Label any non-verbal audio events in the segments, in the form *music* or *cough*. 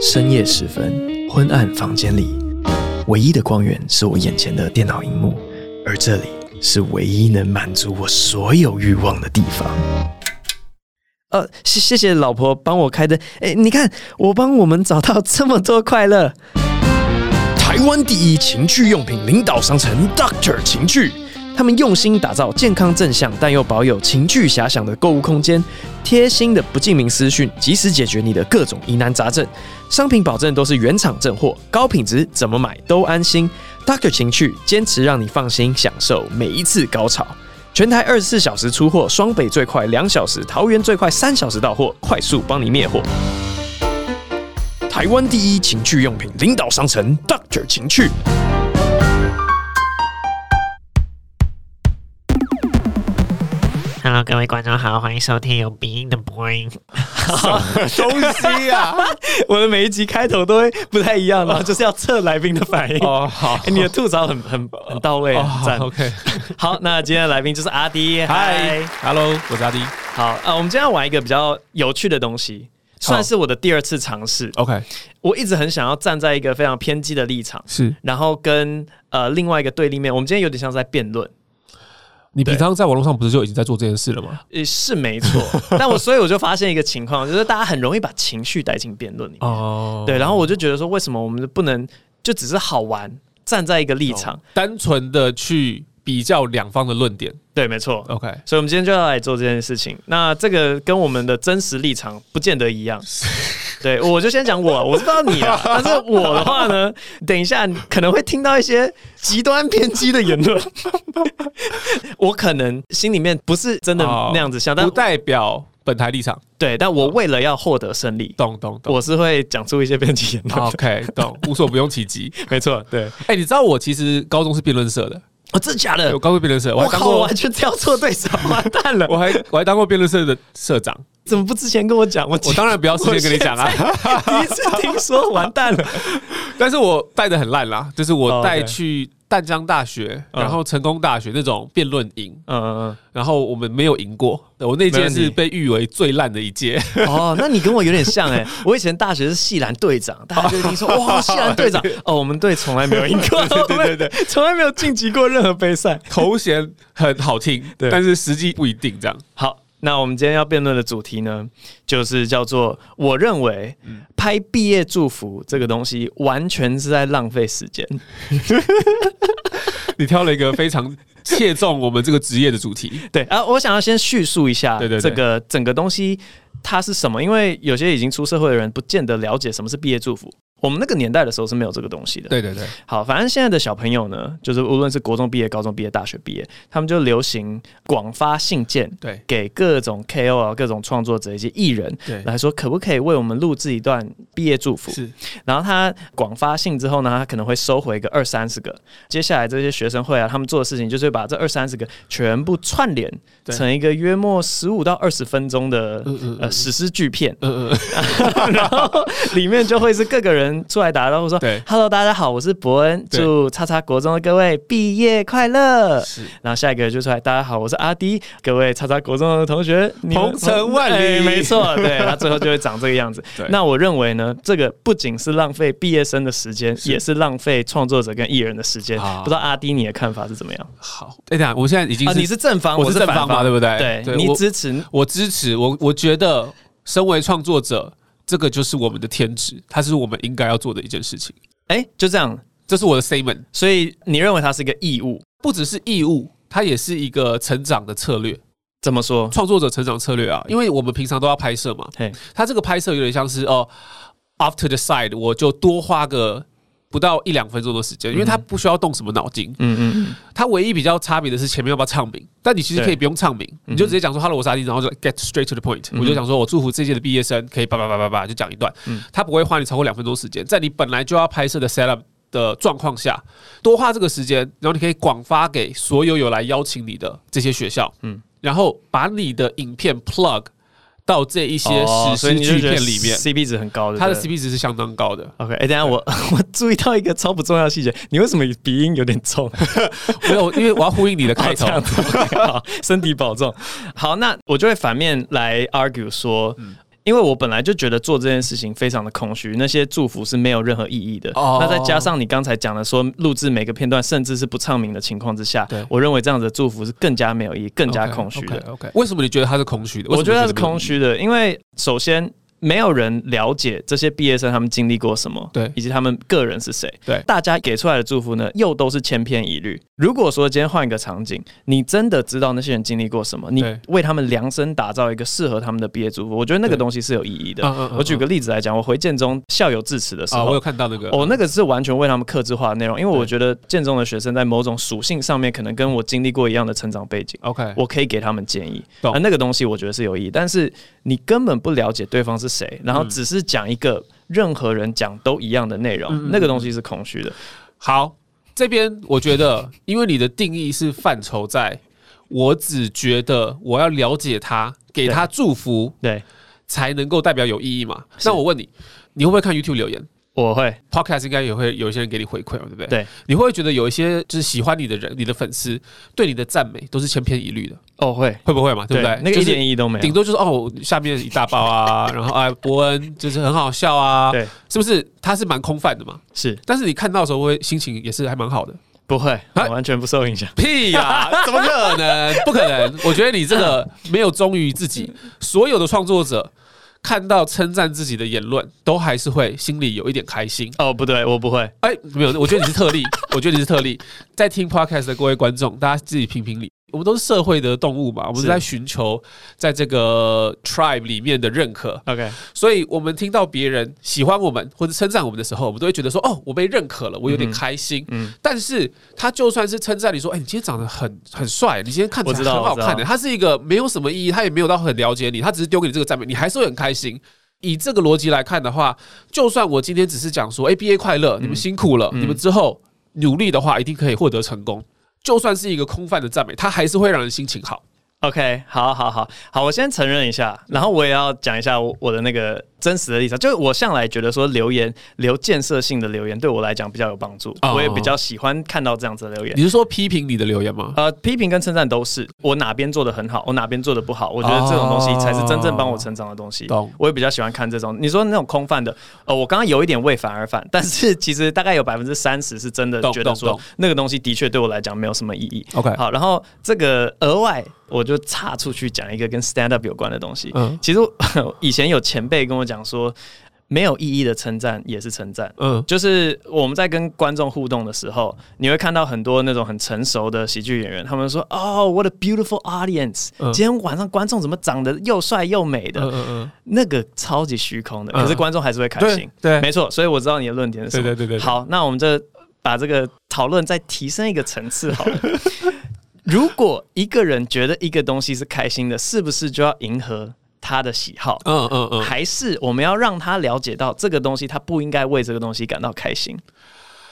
深夜時分，昏暗房間裡，唯一的光源是我眼前的電腦螢幕，而這裡是唯一能滿足我所有慾望的地方。呃，謝謝老婆幫我開燈，誒，你看，我幫我們找到這麼多快樂。台灣第一情趣用品領導商城，Doctor 情趣。他們用心打造健康正向但又保有情趣遐想的購物空間，貼心的不記名私訊，及時解決你的各種疑難雜症。商品保證都是原廠正貨，高品質，怎麼買都安心。Doctor 情趣堅持讓你放心享受每一次高潮。全台二十四小時出貨，雙北最快兩小時，桃園最快三小時到貨，快速幫你滅火。台灣第一情趣用品領導商城，Doctor 情趣。Hello，各位觀眾好，歡迎收聽有鼻音的播音。什麼東西啊？我的每一集開頭都會不太一樣，然後就是要測來賓的反應。哦，好，你的吐槽很很很到位，很贊。OK，好，那今天的來賓就是阿滴。Hi，Hello，我是阿滴。好，呃，我們今天要玩一個比較有趣的東西，算是我的第二次嘗試。OK，我一直很想要站在一個非常偏激的立場，是，然後跟呃另外一個對立面，我們今天有點像在辯論。你平常在網絡上不是就已經在做這件事了嗎？也是沒錯，但我所以我就發現一個情況， *laughs* 就是大家很容易把情緒帶進辯論裡哦，oh, 對，然後我就覺得說，為什麼我們不能就只是好玩，站在一個立場，oh, 單純的去比較兩方的論點？對，沒錯。OK，所以我們今天就要來做這件事情。那這個跟我們的真實立場不見得一樣。 *laughs* 對，我就先講我，我不知道你，但是我的話呢，等一下可能會聽到一些極端偏激的言論， *laughs* *laughs* 我可能心裡面不是真的那樣子想、哦，但不代表本台立場。對，但我為了要獲得勝利，懂懂懂，我是會講出一些偏激言論、哦。OK，懂無所不用其極， *laughs* 沒錯。對，哎、欸，你知道我其實高中是辯論社的。我真的假的？我搞過辯論社，我，還當過我靠，完全挑錯對手， *laughs* 完蛋了！我還我還當過辯論社的社長， *laughs* 怎麼不之前跟我講？我我當然不要事先跟你講啊，第一次聽說，完蛋了！ *laughs* 但是我帶的很爛啦，就是我帶去。Oh, okay. 淡江大學，然後成功大學那種辯論營，嗯嗯嗯，然後我們沒有贏過，我那屆是被譽為最爛的一屆。哦，那你跟我有點像，哎，我以前大學是系籃隊長，大家就聽說哇，系籃隊長哦，我們隊從來沒有贏過，對對對，從來沒有晉級過任何杯賽，頭銜很好聽，對，但是實際不一定這樣。好。那我們今天要辯論的主題呢，就是叫做我認為拍畢業祝福這個東西完全是在浪費時間。 *laughs* *laughs* 你挑了一個非常切中我們這個職業的主題。 *laughs* 對啊，我想要先敘述一下這個整個東西它是什麼，因為有些已經出社會的人不見得了解什麼是畢業祝福。我們那個年代的時候是沒有這個東西的。對對對。好，反正現在的小朋友呢，就是無論是國中畢業、高中畢業、大學畢業，他們就流行廣發信件，對，給各種 KOL、各種創作者一些藝人，對，來說可不可以為我們錄制一段畢業祝福？是。然後他廣發信之後呢，他可能會收回個二三十個。接下來這些學生會啊，他們做的事情就是會把這二三十個全部串聯成一個約莫十五到二十分鐘的對呃史詩巨片，嗯嗯嗯、 *laughs* 然後裡面就會是各個人。出來打招呼說：“Hello，大家好，我是博恩，祝叉叉國中的各位畢業快樂。”是，然後下一個就出來：“大家好，我是阿滴，各位叉叉國中的同學，鵬程萬里，沒錯。”對，他最後就會長這個樣子。那我認為呢，這個不僅是浪費畢業生的時間，也是浪費創作者跟藝人的時間。不知道阿滴你的看法是怎麼樣？好，哎呀，我現在已經你是正方，我是反方，對不對？對，你支持，我支持，我我覺得，身為創作者。這個就是我們的天職，它是我們應該要做的一件事情。哎、欸，就這樣，這是我的 statement。所以你認為它是一個義務？不只是義務，它也是一個成長的策略。怎麼說？創作者成長策略啊，因為我們平常都要拍攝嘛。嘿它這個拍攝有點像是哦，off to the side，我就多花個。不到一兩分鐘的時間，因為他不需要動什麼腦筋。嗯嗯，他唯一比較差別的是前面要不要唱名，但你其實可以不用唱名，你就直接講說 hello，我是阿滴，然後就 get straight to the point。我就想說我祝福這屆的畢業生可以叭叭叭叭叭就講一段。他不會花你超過兩分鐘時間，在你本來就要拍攝的 setup 的狀況下多花這個時間，然後你可以廣發給所有有來邀請你的這些學校。嗯，然後把你的影片 plug。到這一些史詩巨片裡面，CP 值很高的。他的 CP 值是相當高的哦。OK，哎、欸，等一下我我注意到一個超不重要的細節，你為什麼鼻音有點重？沒 *laughs* 有，因為我要呼應你的開頭。身體保重。好，那我就會反面來 argue 說。嗯因為我本來就覺得做這件事情非常的空虛，那些祝福是沒有任何意義的。Oh. 那再加上你剛才講的說，錄制每個片段甚至是不唱名的情況之下，對我認為這樣子的祝福是更加沒有意義、更加空虛的。Okay, okay, okay. 為什麼你覺得它是空虛的？我覺得它是空虛的，因為首先。沒有人了解這些畢業生他們經歷過什麼，對，以及他們個人是誰，對，大家給出來的祝福呢，又都是千篇一律。如果說今天換一個場景，你真的知道那些人經歷過什麼，對你為他們量身打造一個適合他們的畢業祝福，我覺得那個東西是有意義的。對我舉個例子來講，我回建中校友致辭的時候、啊，我有看到那個，我、哦、那個是完全為他們客製化的內容，因為我覺得建中的學生在某種屬性上面可能跟我經歷過一樣的成長背景，OK，對我可以給他們建議，懂對、啊，那個東西我覺得是有意義，但是你根本不了解對方是。誰？然後只是講一個任何人講都一樣的內容，嗯、那個東西是空虛的。好，這邊我覺得，因為你的定義是範疇，在我只覺得我要了解他，給他祝福，對，對才能夠代表有意義嘛。是那我問你，你會不會看 YouTube 留言？我會 Podcast 應該也會有一些人給你回饋嘛，對不對？對，你會不會覺得有一些就是喜歡你的人，你的粉絲對你的讚美都是千篇一律的？哦，會會不會嘛？對不對？那個一點意義都沒有，頂多就是哦，下面一大包啊，然後哎，博恩就是很好笑啊，對，是不是？他是蠻空泛的嘛，是。但是你看到的時候，會心情也是還蠻好的，不會完全不受影響。屁呀，怎麼可能？不可能！我覺得你這個沒有忠於自己，所有的創作者。看到稱讚自己的言論，都還是會心裡有一點開心。哦，不對，我不會。哎、欸，沒有，我覺得你是特例。 *laughs* 我覺得你是特例，在聽 podcast 的各位觀眾，大家自己評評理。我們都是社會的動物嘛，我們是在尋求在這個 tribe 裡面的認可。OK，所以，我們聽到別人喜歡我們或者稱讚我們的時候，我們都會覺得說：“哦，我被認可了，我有點開心。”但是，他就算是稱讚你說：“哎，你今天長得很很帥，你今天看起來很好看的。”他是一個沒有什麼意義，他也沒有到很了解你，他只是丟給你這個讚美，你還是會很開心。以這個邏輯來看的話，就算我今天只是講說：“哎，畢業快樂！你們辛苦了，你們之後努力的話，一定可以獲得成功。”就算是一個空泛的讚美，它還是會讓人心情好。OK，好，好，好，好，我先承認一下，然後我也要講一下我我的那個真實的立場，就是我向來覺得說留言留建設性的留言對我來講比較有幫助，uh, 我也比較喜歡看到這樣子的留言。你是說批評你的留言嗎？呃，批評跟稱讚都是，我哪邊做得很好，我哪邊做得不好，我覺得這種東西才是真正幫我成長的東西。Uh, 我也比較喜歡看這種，你說那種空泛的，呃，我剛剛有一點為反而反，但是其實大概有百分之三十是真的覺得說那個東西的確對我來講沒有什麼意義。OK，好，然後這個額外。我就岔出去講一個跟 stand up 有關的東西。嗯，其實以前有前輩跟我講說，沒有意義的稱讚也是稱讚。嗯，就是我們在跟觀眾互動的時候，你會看到很多那種很成熟的喜劇演員，他們說：“哦、oh，what a beautiful audience！、嗯、今天晚上觀眾怎麼長得又帥又美的？”嗯嗯，嗯那個超級虛空的，可是觀眾還是會開心。嗯、對，對沒錯。所以我知道你的論點是什麼。對對對對。好，那我們就把這個討論再提升一個層次，好了。 *laughs* 如果一個人覺得一個東西是開心的，是不是就要迎合他的喜好？嗯嗯嗯，還是我們要讓他了解到這個東西，他不應該為這個東西感到開心？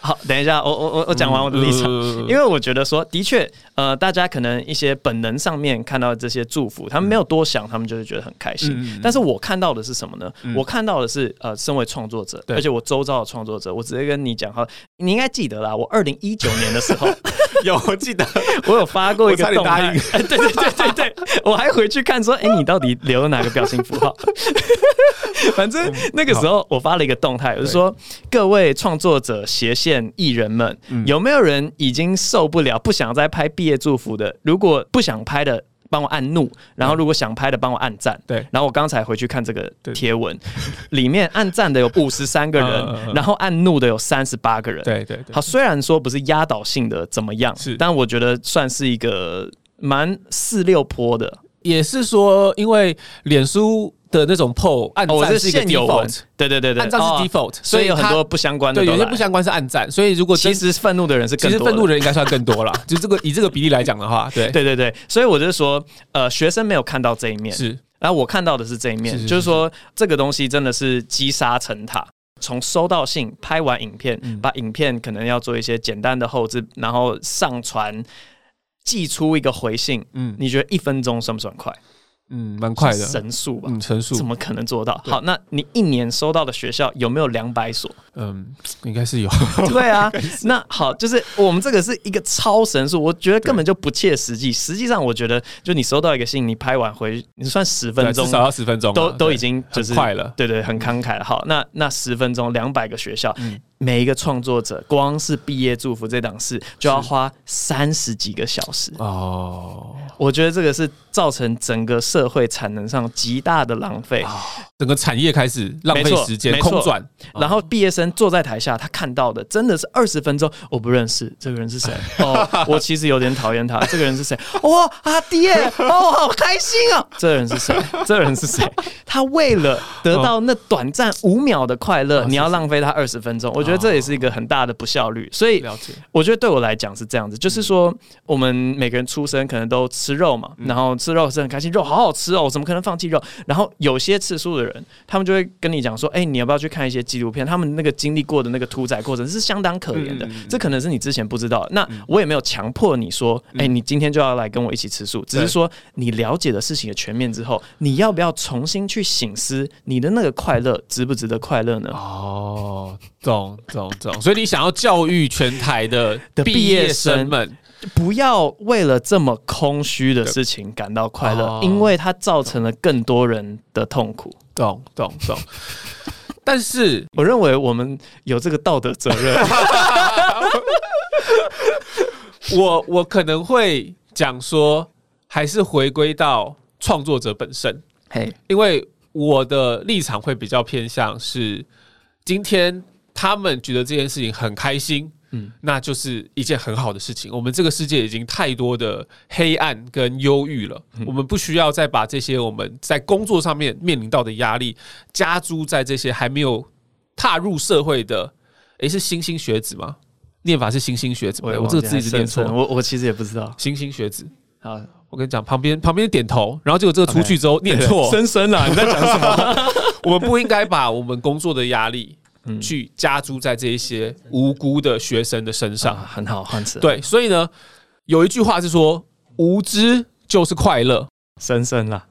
好，等一下，我我我我講完我的立場，因為我覺得說，的確，呃，大家可能一些本能上面看到這些祝福，他們沒有多想，他們就是覺得很開心。但是我看到的是什麼呢？我看到的是，呃，身為創作者，而且我周遭的創作者，我直接跟你講哈，你應該記得啦，我二零一九年的時候有，我記得，我有發過一個動態，對對對對對，我還回去看說，哎，你到底留了哪個表情符號？反正那個時候我發了一個動態，我是說各位創作者斜線。藝人們有沒有人已經受不了不想再拍畢業祝福的？如果不想拍的，幫我按怒；然後如果想拍的，幫我按讚。對，然後我剛才回去看這個貼文，裡面按讚的有五十三個人，然後按怒的有三十八個人。對對對，好，雖然說不是壓倒性的怎麼樣，是，但我覺得算是一個蠻四六波的，也是說因為臉書。的那種破按讚，是 default，對對對對，按讚是 default，所以有很多不相關的。對，有些不相關是按讚，所以如果其實憤怒的人是，其實憤怒的人應該算更多了。就這個以這個比例來講的話，對對對對，所以我就說，呃，學生沒有看到這一面，是，然後我看到的是這一面，就是說這個東西真的是積沙成塔。從收到信、拍完影片、把影片可能要做一些簡單的後製，然後上傳、寄出一個回信，嗯，你覺得一分鐘算不算快？嗯，蠻快的，神速吧？嗯，神速，怎麼可能做到？對。好，那你一年收到的學校有沒有兩百所？嗯，應該是有。 *laughs* 對啊，該那好，就是我們這個是一個超神速，我覺得根本就不切實際。對，實際上，我覺得就你收到一個信，你拍完回，你算十分鐘，少要十分鐘，都都已經就是很快了。對，對對，很慷慨了。好，那那十分鐘，兩百個學校。嗯每一個創作者，光是畢業祝福這檔事，就要花三十幾個小時哦。我覺得這個是造成整個社會產能上極大的浪費，整個產業開始浪費時間、空轉。然後畢業生坐在台下，他看到的真的是二十分鐘。我不認識這個人是誰哦，我其實有點討厭他。這個人是誰？哇阿爹！哦，好開心啊，喔！這個人是誰？這個人是誰？他為了得到那短暫五秒的快樂，你要浪費他二十分鐘。我。我覺得這也是一個很大的不效率，所以我覺得對我來講是這樣子，就是說我們每個人出生可能都吃肉嘛，然後吃肉是很開心，肉好好吃哦、喔，怎麼可能放棄肉？然後有些吃素的人，他們就會跟你講說，哎，你要不要去看一些紀錄片？他們那個經歷過的那個屠宰過程是相當可憐的，這可能是你之前不知道。那我也沒有強迫你說，哎，你今天就要來跟我一起吃素，只是說你了解的事情的全面之後，你要不要重新去省思你的那個快樂值不值得快樂呢？哦。懂懂懂，所以你想要教育全台的畢業生們， *laughs* 不要為了這麼空虛的事情感到快樂，哦、因為它造成了更多人的痛苦。懂懂懂。懂懂 *laughs* 但是，我認為我們有這個道德責任。 *laughs* *laughs* 我我可能會講說，還是回歸到創作者本身，嘿因為我的立場會比較偏向是今天，他們覺得這件事情很開心，嗯，那就是一件很好的事情。我們這個世界已經太多的黑暗跟憂鬱了，嗯、我們不需要再把這些我們在工作上面面臨到的壓力加諸在這些還沒有踏入社會的，哎、欸、是星星學子嗎？念法是星星學子，我這個字一直念錯，我我其實也不知道。星星學子，好，我跟你講，旁邊旁邊點頭，然後結果這個出去之後念錯，深深啊，你在講什麼？ *laughs* *laughs* 我們不應該把我們工作的壓力。去加諸在這一些無辜的學生的身上，很好，很刺。對，所以呢，有一句話是說，無知就是快樂，深深了。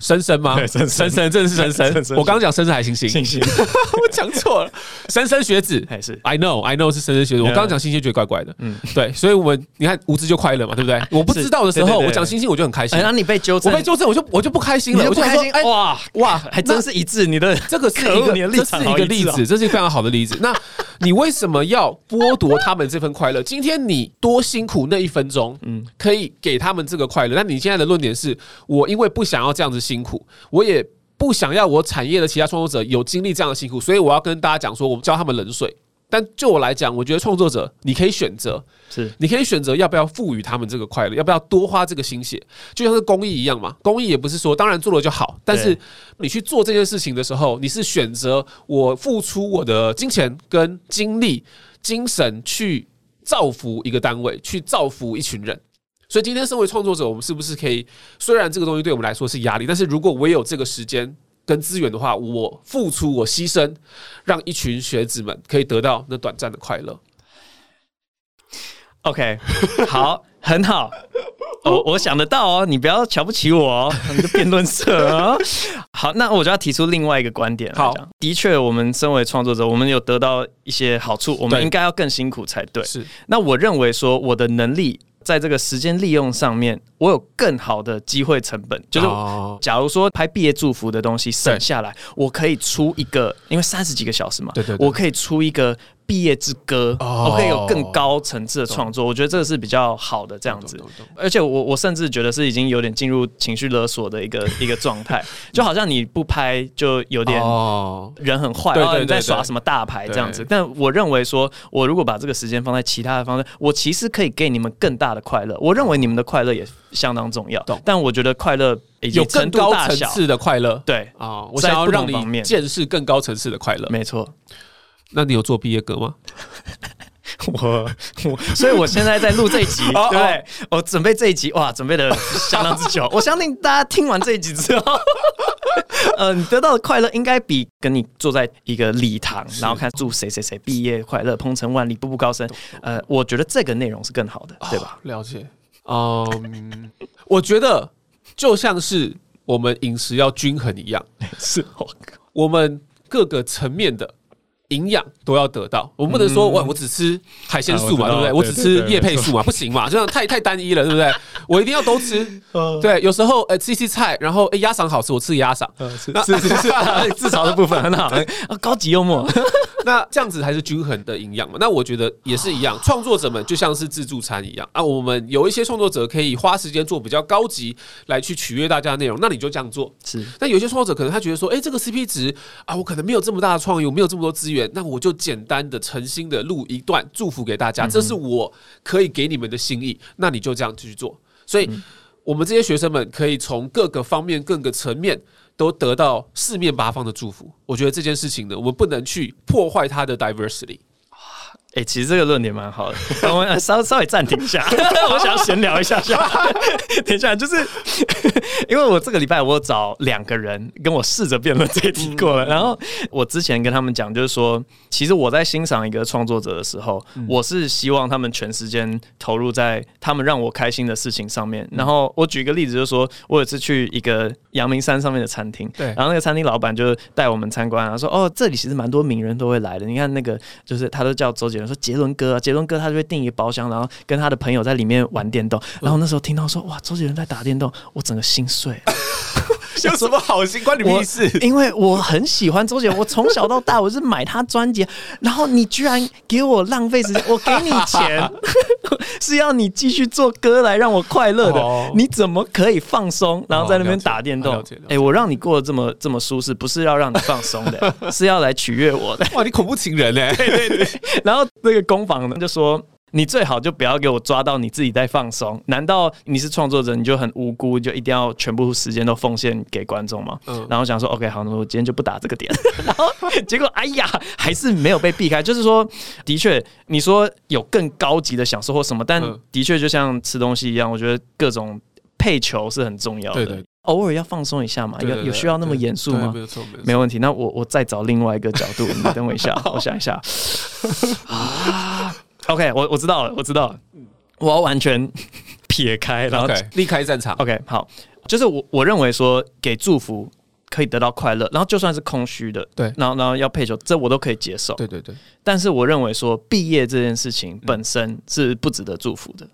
深深嗎？深深，真的是深深。我剛剛講深深還是星星？星星，我講錯了。深深學子還是？I know，I know 是深深學子。我剛剛講星星覺得怪怪的。嗯，對，所以，我們，你看無知就快樂嘛，對不對？我不知道的時候，我講星星我就很開心。然後你被糾正，我被糾正，我就我就不開心了。我就說，哇哇，還真是一致。你的這個是一個例子，這是一個例子，這是一個非常好的例子。那。你為什麼要剝奪他們這份快樂？今天你多辛苦那一分鐘，嗯，可以給他們這個快樂。那你現在的論點是我因為不想要這樣子辛苦，我也不想要我產業的其他創作者有經歷這樣的辛苦，所以我要跟大家講說，我們澆他們冷水。但就我來講，我覺得創作者，你可以選擇，是你可以選擇要不要賦予他們這個快樂，要不要多花這個心血，就像是公益一樣嘛。公益也不是說當然做了就好，但是你去做這件事情的時候，你是選擇我付出我的金錢跟精力、精神去造福一個單位，去造福一群人。所以今天身為創作者，我們是不是可以？雖然這個東西對我們來說是壓力，但是如果我有這個時間跟資源的話，我付出我犧牲，讓一群學子們可以得到那短暫的快樂。OK，好， *laughs* 很好我、哦、我想得到哦，你不要瞧不起我哦，你個辯論社哦。 *laughs* 好，那我就要提出另外一個觀點。好，的確，我們身為創作者，我們有得到一些好處，對我們應該要更辛苦才對。是，那我認為說，我的能力。在這個時間利用上面，我有更好的機會成本。就是，假如說拍畢業祝福的東西省下來，對我可以出一個，因為三十幾個小時嘛，對對對，我可以出一個。畢業之歌，我可以有更高層次的創作，我覺得這個是比較好的這樣子。而且，我我甚至覺得是已經有點進入情緒勒索的一個一個狀態，就好像你不拍就有點人很壞，然後你在耍什麼大牌這樣子。但我認為說，我如果把這個時間放在其他的方式，我其實可以給你們更大的快樂。我認為你們的快樂也相當重要，但我覺得快樂有更高層次的快樂，對啊，我想要讓你見識更高層次的快樂，沒錯。那你有做畢業歌嗎？我，我，所以我現在在錄這一集，對，我準備這一集，哇，準備的相當之久。我相信大家聽完這一集之後，嗯，得到的快樂應該比跟你坐在一個禮堂，然後看祝誰誰誰畢業快樂，鵬程萬里，步步高升，呃，我覺得這個內容是更好的，對吧？了解，嗯，我覺得就像是我們飲食要均衡一樣，是，我們各個層面的。營養都要得到，我們不能說我我只吃海鮮素啊，對不對？我只吃業配素啊，不行嘛，這樣太太單一了，對不對？我一定要都吃，對，有時候呃吃一些菜，然後誒鴨賞，好吃，我吃鴨賞，是是是是，自嘲的部分很好，高級幽默。那這樣子才是均衡的營養嘛？那我覺得也是一樣。創作者們就像是自助餐一樣啊，我們有一些創作者可以花時間做比較高級來去取悅大家的內容，那你就這樣做。是，那有些創作者可能他覺得說，誒，這個 CP 值啊，我可能沒有這麼大的創意，我沒有這麼多資源，那我就簡單的誠心的錄一段祝福給大家，這是我可以給你們的心意。那你就這樣繼續做。所以，我們這些學生們可以從各個方面、各個層面都得到四面八方的祝福，我覺得這件事情呢，我們不能去破壞它的 diversity。哎、欸，其實這個論點蠻好的。 *laughs* 稍微稍微暫停一下， *laughs* 我想要閒聊一下下， *laughs* 等一下就是因為我這個禮拜我有找兩個人跟我試着辯論這一題過了。嗯、然後我之前跟他們講，就是說，其實我在欣賞一個創作者的時候，嗯、我是希望他們全時間投入在他們讓我開心的事情上面。嗯、然後我舉一個例子，就是說我有次去一個陽明山上面的餐廳，對，然後那個餐廳老板就帶我們參觀，然後說，哦，這裡其實蠻多名人都會來的。你看那個，就是他都叫周杰倫。我說，傑倫哥、啊，傑倫哥，他就會訂一個包廂，然後跟他的朋友在裡面玩電動。然後那時候聽到說，哇，周杰倫在打電動，我整個心碎。 *laughs* 有什麼好心關你屁事？因為我很喜歡周杰倫，我從小到大我是買他專輯，然後你居然給我浪費時間，我給你錢 *laughs* *laughs* 是要你繼續做歌來讓我快樂的，哦、你怎麼可以放鬆？然後在那邊打電動？哎、哦啊欸，我讓你過得這麼這麼舒適，不是要讓你放鬆的， *laughs* 是要來取悅我的。哇，你恐怖情人呢、欸？ *laughs* 然後那個工坊呢就說。你最好就不要給我抓到你自己在放鬆。難道你是創作者，你就很無辜，就一定要全部時間都奉獻給觀眾嗎？嗯，然後想說，OK，好，那我今天就不打這個點。 *laughs* *laughs* 然後結果，哎呀，還是沒有被避開。就是說，的確，你說有更高級的享受或什麼，但，嗯，的確就像吃東西一樣，我覺得各種配球是很重要的。對對對，偶爾要放鬆一下嘛，有有需要那麼嚴肅嗎？對對對，沒錯沒錯，沒問題。那我我再找另外一個角度， *laughs* 你等我一下，我想一下。 *laughs* 啊。 *laughs* OK，我我知道了，我知道了，我要完全撇開， *laughs* 然後離開戰場。Okay, OK，好，就是我我認為說給祝福可以得到快樂，然後就算是空虛的，對，然後然後要配球，這我都可以接受。對對對，但是我認為說畢業這件事情本身是不值得祝福的。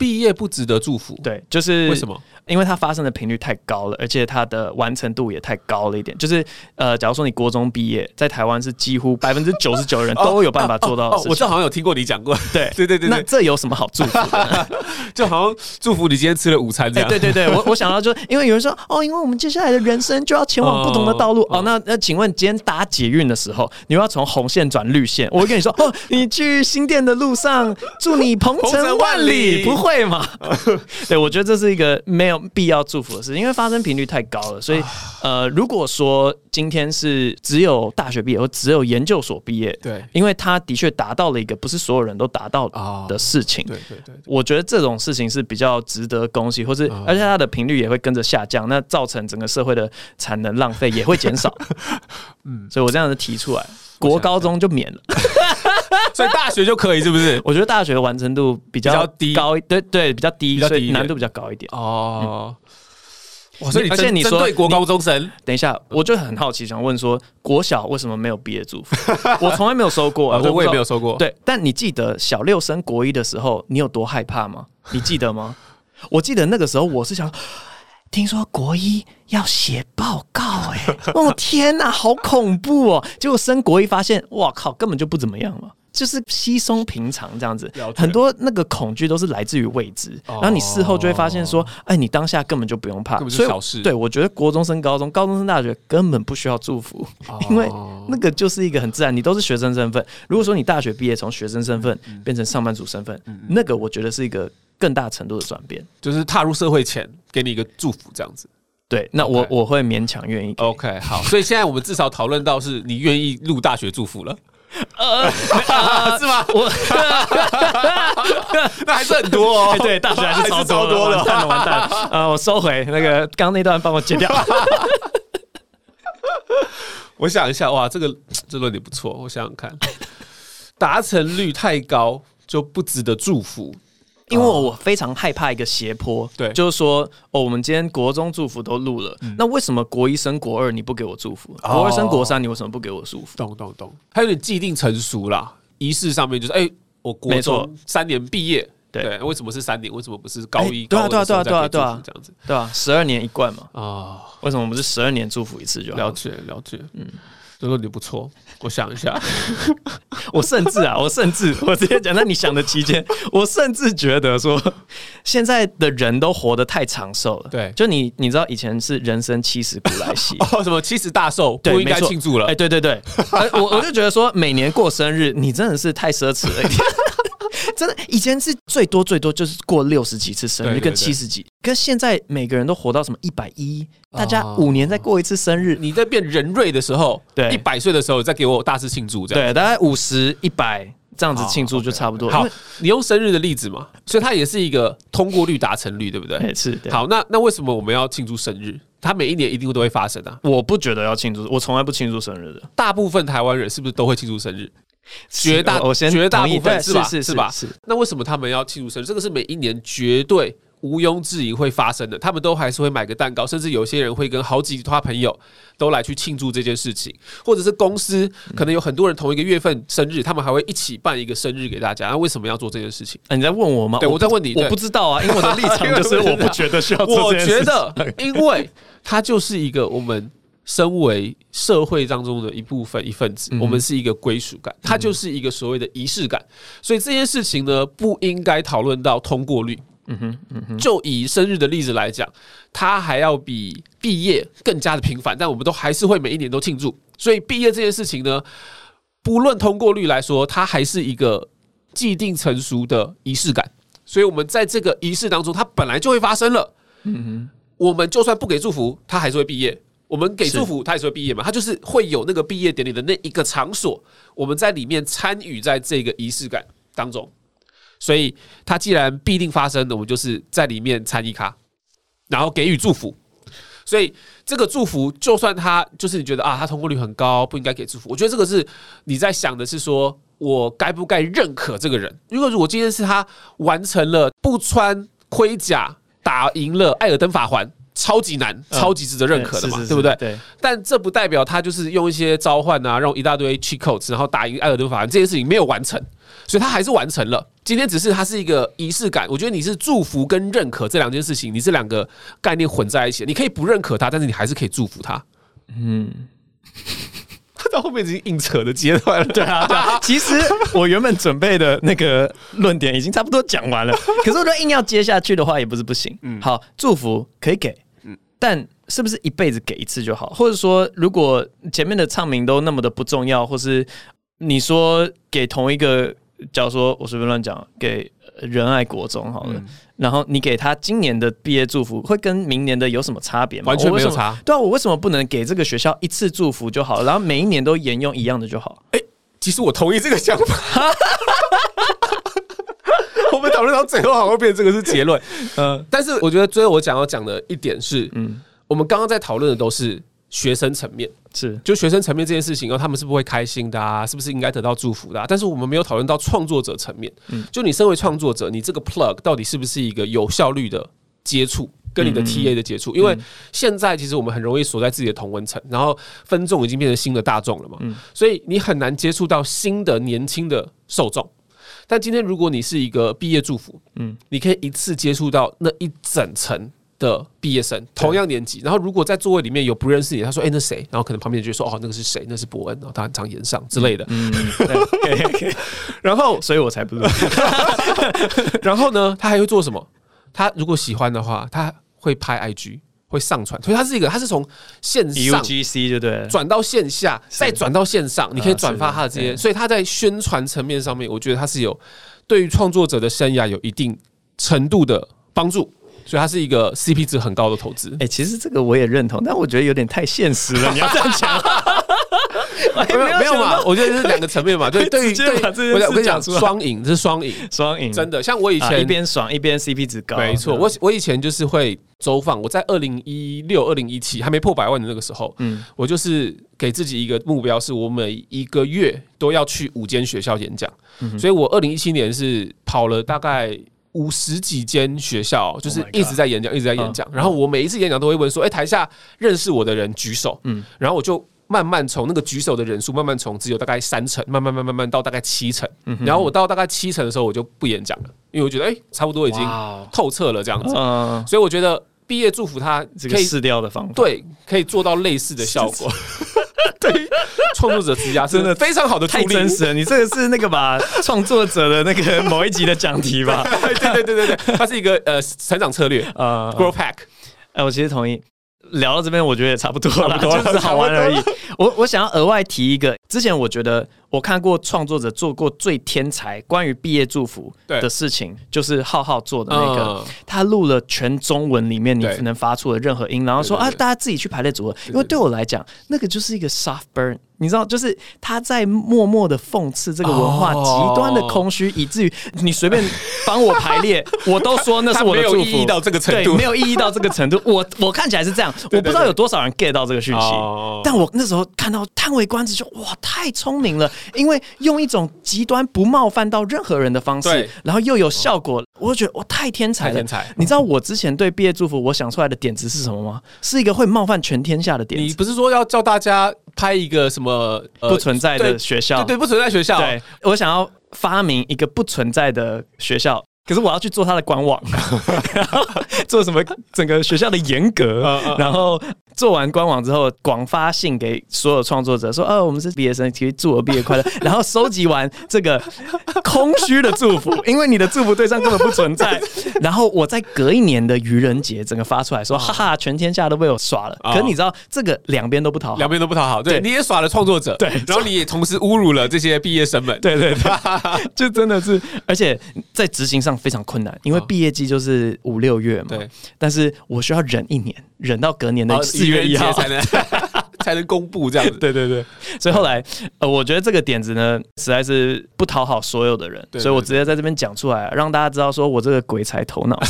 畢業不值得祝福，對，就是。為什麼？因為它發生的頻率太高了，而且它的完成度也太高了一點。就是呃，假如說你國中畢業，在台灣是幾乎百分之九十九的人都有辦法做到。我就好像有聽過你講過，哦哦哦、對，對，對，對，對，對，對，那這有什麼好祝福的？ *laughs* 就好像祝福你今天吃了午餐這樣。欸、對，對，對，我我想到就是，因為有人說哦，因為我們接下來的人生就要前往不同的道路哦，哦，哦。那那請問今天搭捷運的時候，你要從紅線轉綠線？我會跟你說哦，你去新店的路上，祝你鵬程萬里，萬里不會。對嗎？ *laughs* 對，我覺得這是一個沒有必要祝福的事，因為發生頻率太高了。所以，呃，如果說今天是只有大學畢業或只有研究所畢業，對，因為他的確達到了一個不是所有人都達到的事情。哦、對，對對對，我覺得這種事情是比較值得恭喜，或是而且它的頻率也會跟着下降，那造成整個社會的產能浪費也會減少。 *laughs* 嗯，所以我這樣子提出來，國高中就免了。 *laughs* 所以大學就可以是不是？我覺得大學完成度比較低高，對對，比較低，所以難度比較高一點哦。所以而且針對國高中生，等一下，我就很好奇，想問說，國小為什麼沒有畢業祝福？我從來沒有收過，我也沒有收過。對，但你記得小六升國一的時候，你有多害怕嗎？你記得嗎？我記得那個時候，我是想，聽說國一要寫報告，哎，我天哪，好恐怖哦！結果升國一發現，哇靠，根本就不怎麼樣嘛。就是稀鬆平常這樣子，很多那個恐懼都是來自於未知，然後你事後就會發現說，哎，你當下根本就不用怕。所以，對我覺得國中升高中、高中升大學根本不需要祝福，因為那個就是一個很自然，你都是學生身份。如果說你大學畢業，從學生身份變成上班族身份，那個我覺得是一個更大程度的轉變，就，就，就，就是踏入社會前給你一個祝福這樣子。對，那我，我我會勉強願意。Okay, OK，好，所以現在我們至少討論到是你願意入大學祝福了。呃，啊、呃是嗎？我、啊、那還是很多哦。欸、對，大學還是超多的。完了，完蛋了，完蛋了。呃，我收回那個剛那段，幫我剪掉。 *laughs* 我想一下，哇，這個這論點不錯。我想想看，達成率太高就不值得祝福。因為我非常害怕一個斜坡，對，就是說，哦，我們今天國中祝福都錄了，那為什麼國一升國二你不給我祝福？國二升國三你為什麼不給我祝福？咚咚咚，它有點既定成熟啦，儀式上面就是，哎，我國沒錯，三年畢業，對，為什麼是三年？為什麼不是高一？對啊，對啊，對啊，對啊，對啊，這樣子，對啊，十二年一貫嘛，啊，為什麼我們是十二年祝福一次就了解了解？嗯，就說你不錯，我想一下。我甚至啊，我甚至，我直接講在你想的期間， *laughs* 我甚至覺得說，現在的人都活得太長壽了。對，就你，你知道以前是人生七十古來稀、 *laughs* 哦，什麼七十大壽都對應該慶祝了。哎，欸、對對對，我 *laughs* 我就覺得說，每年過生日你真的是太奢侈了一點， *laughs* *laughs* 真的，以前是最多最多就是過六十幾次生日跟七十幾。對對對跟現在每個人都活到什麼一百一，大家五年再過一次生日，你在變人瑞的時候，對一百歲的時候再給我大肆慶祝，這樣對，大概五十一百這樣子慶祝就差不多。好，你用生日的例子嘛，所以它也是一個通過率達成率，對不對？是好，那那為什麼我們要慶祝生日？他每一年一定會都會發生啊！我不覺得要慶祝，我從來不慶祝生日的。大部分台灣人是不是都會慶祝生日？絕大絕大部分是吧？是吧？那為什麼他們要慶祝生日？這個是每一年絕對毋庸置疑會發生的，他們都還是會買個蛋糕，甚至有些人會跟好幾他朋友都來去慶祝這件事情，或者是公司可能有很多人同一個月份生日，他們還會一起辦一個生日給大家。啊、為什麼要做這件事情？啊、你在問我嗎？對，我，我在問你。我不知道啊，因為我的立場就是我不覺得需要做這件事情。 *laughs* 我覺得，因為它就是一個我們身為社會當中的一部分一份子，嗯嗯，我們是一個歸屬感，它就是一個所謂的儀式感。所以這件事情呢，不應該討論到通過率。嗯哼，嗯哼，就以生日的例子來講，它還要比畢業更加的頻繁。但我們都還是會每一年都慶祝。所以畢業這件事情呢，不論通過率來說，它還是一個既定成熟的儀式感。所以，我們在這個儀式當中，它本來就會發生了。嗯哼，我們就算不給祝福，他還是會畢業；我們給祝福，他是還是會畢業嘛。他就是會有那個畢業典禮的那一個場所，我們在裡面參與在這個儀式感當中。所以，他既然必定發生，的，我們就是在裡面參與卡，然後給予祝福。所以，這個祝福就算他就是你覺得啊，他通過率很高，不應該給祝福。我覺得這個是你在想的是說，我該不該認可這個人？因為如果今天是他完成了不穿盔甲打贏了艾爾登法環，超級難，超級值得認可的嘛，嗯、對，對不對？對。但這不代表他就是用一些召喚啊，用一大堆 cheat codes，然後打贏艾爾登法環這件事情沒有完成。所以，他還是完成了。今天只是他是一個儀式感。我覺得你是祝福跟認可這兩件事情，你這兩個概念混在一起。你可以不認可他，但是你還是可以祝福他。嗯，他到 *laughs* 後面已經硬扯的階段了，對啊，對啊 *laughs* 好。其實我原本準備的那個論點已經差不多講完了， *laughs* 可是我硬要接下去的話，也不是不行。嗯，好，祝福可以給，嗯，但是不是一輩子給一次就好？或者說，如果前面的唱名都那麼的不重要，或是？你說給同一個，假如說我隨便亂講，給仁愛國中好了，嗯、然後你給他今年的畢業祝福，會跟明年的有什麼差別嗎？完全沒有差。對啊，我為什麼不能給這個學校一次祝福就好了？然後每一年都沿用一樣的就好？哎、欸，其實我同意這個想法蛤。 *laughs* *laughs* 我們討論到最後，好像變成這個是結論。嗯，但是我覺得最後我想要講的一點是，嗯，我們剛剛在討論的都是。學生層面是，就學生層面這件事情，然後他們是不是會開心的啊？是不是應該得到祝福的啊？但是我們沒有討論到創作者層面。嗯，就你身為創作者，你這個 plug 到底是不是一個有效率的接觸，跟你的 TA 的接觸？因為現在其實我們很容易鎖在自己的同溫層，然後分眾已經變成新的大眾了嘛。所以你很難接觸到新的年輕的受眾。但今天如果你是一個畢業祝福，嗯，你可以一次接觸到那一整層的畢業生同樣年紀，對然後如果在座位裡面有不認識你，他說：“哎、欸，那誰？”然後可能旁邊就說：“哦，那個是誰？那個、是伯恩，然後他很常言上之類的。嗯”嗯，okay, okay, *laughs* 然後所以我才不知道。 *laughs* 然後呢，他還會做什麼？他如果喜歡的話，他會拍 IG，會上傳。所以他是一個，他是從線上 UGC 轉到線下，再轉到線上，你可以轉發他的這些。所以他在宣傳層面上面，我覺得他是有對於創作者的生涯有一定程度的幫助。所以它是一個 CP 值很高的投資。哎，其實這個我也認同，但我覺得有點太現實了。你要這樣講，沒有沒有嘛？我覺得是兩個層面嘛。對，對於對，我跟你講，雙贏是雙贏，雙贏真的。像我以前一邊爽一邊 CP 值高，沒錯。我我以前就是會週放。我在二零一六、二零一七還沒破百萬的那個時候，嗯，我就是給自己一個目標，是我每一個月都要去五間學校演講。所以我二零一七年是跑了大概。五十幾間學校，就是一直在演講，一直在演講。然後我每一次演講都會問說：“哎，台下認識我的人舉手。”然後我就慢慢從那個舉手的人數，慢慢從只有大概三成，慢慢慢慢慢到大概七成。然後我到大概七成的時候，我就不演講了，因為我覺得哎、欸，差不多已經透徹了這樣子。所以我覺得。畢業祝福他這個撕掉的方法，對，可以做到類似的效果。真 *laughs* 對，創作者之家真的非常好的助力。真實，你這個是那個吧？創 *laughs* 作者的那個某一集的講題吧？ *laughs* 對對對對對，它是一個呃成長策略呃、啊、Grow Pack，、啊、我其實同意。聊到這邊，我覺得也差，差不多了，就是好玩而已。我我想要額外提一個，之前我覺得。我看過創作者做過最天才關於畢業祝福的事情，就是浩浩做的那個，他錄了全中文裡面你能發出的任何音，然後說啊，大家自己去排列組合。因為對我來講，那個就是一個 soft burn，你知道，就是他在默默的諷刺這個文化極端的空虛，以至於你隨便幫我排列，我都說那是我的祝福。沒有意義到這個程度，沒有意義到這個程度。我我看起來是這樣，我不知道有多少人 get 到這個訊息，但我那時候看到嘆為觀止，就哇，太聰明了。因為用一種極端不冒犯到任何人的方式，對然後又有效果，哦、我就覺得我、哦、太天才了。太天才，你知道我之前對畢業祝福我想出來的點子是什麼嗎？是，是一個會冒犯全天下的點子。你不是說要叫大家拍一個什麼、呃、不存在的學校？對，對，對，對不存在的學校對。我想要發明一個不存在的學校，可是我要去做它的官網， *laughs* 做什麼整個學校的嚴格，啊啊啊然後。做完官網之後，廣發信給所有創作者說：“哦、啊，我們是畢業生，其實祝我畢業快樂。” *laughs* 然後收集完這個空虛的祝福，因為你的祝福對象根本不存在。然後我在隔一年的愚人節整個發出來說：“ *laughs* 哈哈，全天下都被我耍了。”可你知道，這個兩邊都不討好，兩邊、哦、對都不討好。對，對你也耍了創作者，對，然後你也同時侮辱了這些畢業生們。對對 *laughs* 對，就真的是，而且在執行上非常困難，因為畢業季就是五六月嘛。哦、對，但是我需要忍一年，忍到隔年的。四月一號才能才能公布這樣子，對對對。所以後來，呃，我覺得這個點子呢，實在是不討好所有的人，對對對對，所以我直接在這邊講出來、啊，讓大家知道，說我這個鬼才頭腦，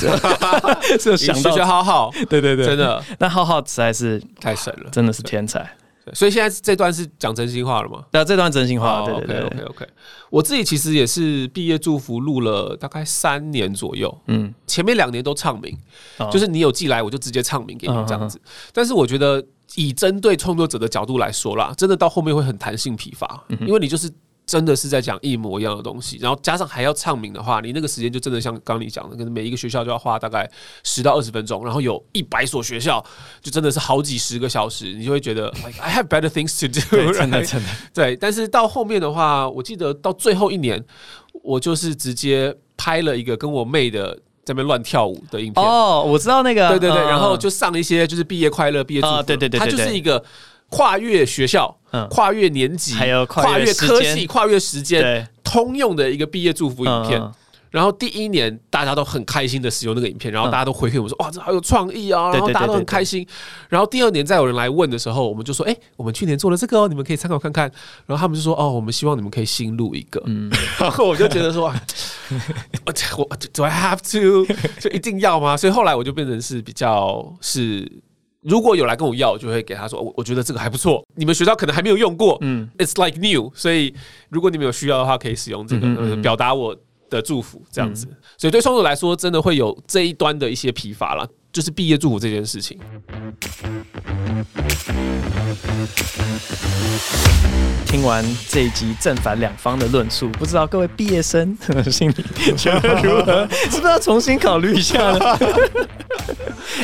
*laughs* 是想到就浩浩，對對對，真的。但浩浩實在是太神了，真的是天才對對對。所以現在這段是講真心話了嗎？那、啊、這段真心話、oh，OK OK OK，我自己其實也是畢業祝福錄了大概三年左右，嗯，前面兩年都唱名，哦、就是你有寄來我就直接唱名給你這樣子。哦、但是我覺得以針對創作者的角度來說啦，真的到後面會很彈性疲乏，嗯、哼因為你就是。真的是在講一模一樣的東西，然後加上還要唱名的話，你那個時間就真的像剛你講的，可能每一個學校就要花大概十到二十分鐘，然後有一百所學校，就真的是好幾十個小時，你就會覺得 *laughs* like, I have better things to do 對。人類對，對，真的，真的。但是到後面的話，我記得到最後一年，我就是直接拍了一個跟我妹的在那邊亂跳舞的影片。哦，oh, 我知道那個，對對對，嗯、然後就上一些就是畢業快樂、畢業祝福，uh, 對對對，對，它就是一個。跨越學校，嗯、跨越年級，還有跨越，跨越科技，間跨越時間，對通用的一個畢業祝福影片。嗯、然後第一年大家都很開心的使用那個影片，嗯、然後大家都回饋我們說：“哇，這好有創意啊！”然後大家都很開心。然後第二年再有人來問的時候，我們就說：“哎、欸，我們去年做了這個、哦，你們可以參考看看。”然後他們就說：“哦，我們希望你們可以新錄一個。嗯” *laughs* 然後我就覺得說：“我，我，Do I have to？就一定要嗎？”所以後來我就變成是比較是。如果有來跟我要，我就會給他說，我我覺得這個還不錯，你們學校可能還沒有用過，嗯，It's like new，所以如果你們有需要的話，可以使用這個表達我的祝福這樣子。所以對創作來說，真的會有這一端的一些疲乏了。就是畢業祝福這件事情。聽完這一集正反兩方的論述，不知道各位畢業生心裡覺得如何？是不是要重新考慮一下呢？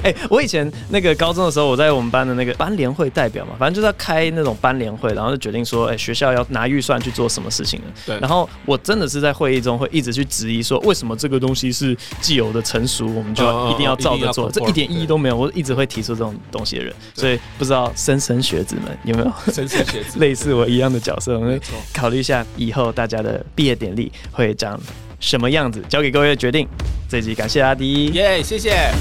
哎、欸，我以前那個高中的時候，我在我們班的那個班聯會代表嘛，反正就是要開那種班聯會，然後就決定說，哎，學校要拿預算去做什麼事情了。對。然後我真的是在會議中會一直去質疑說，為什麼這個東西是既有的成熟，我們就一定要照着做？一點意義都沒有，我一直會提出這種東西的人，對所以不知道生生學子們有沒有莘莘學子類似我一樣的角色，我們對考慮一下以後大家的畢業典禮會長什麼樣子，交給各位的決定。這集感謝阿滴，耶，yeah, 謝謝。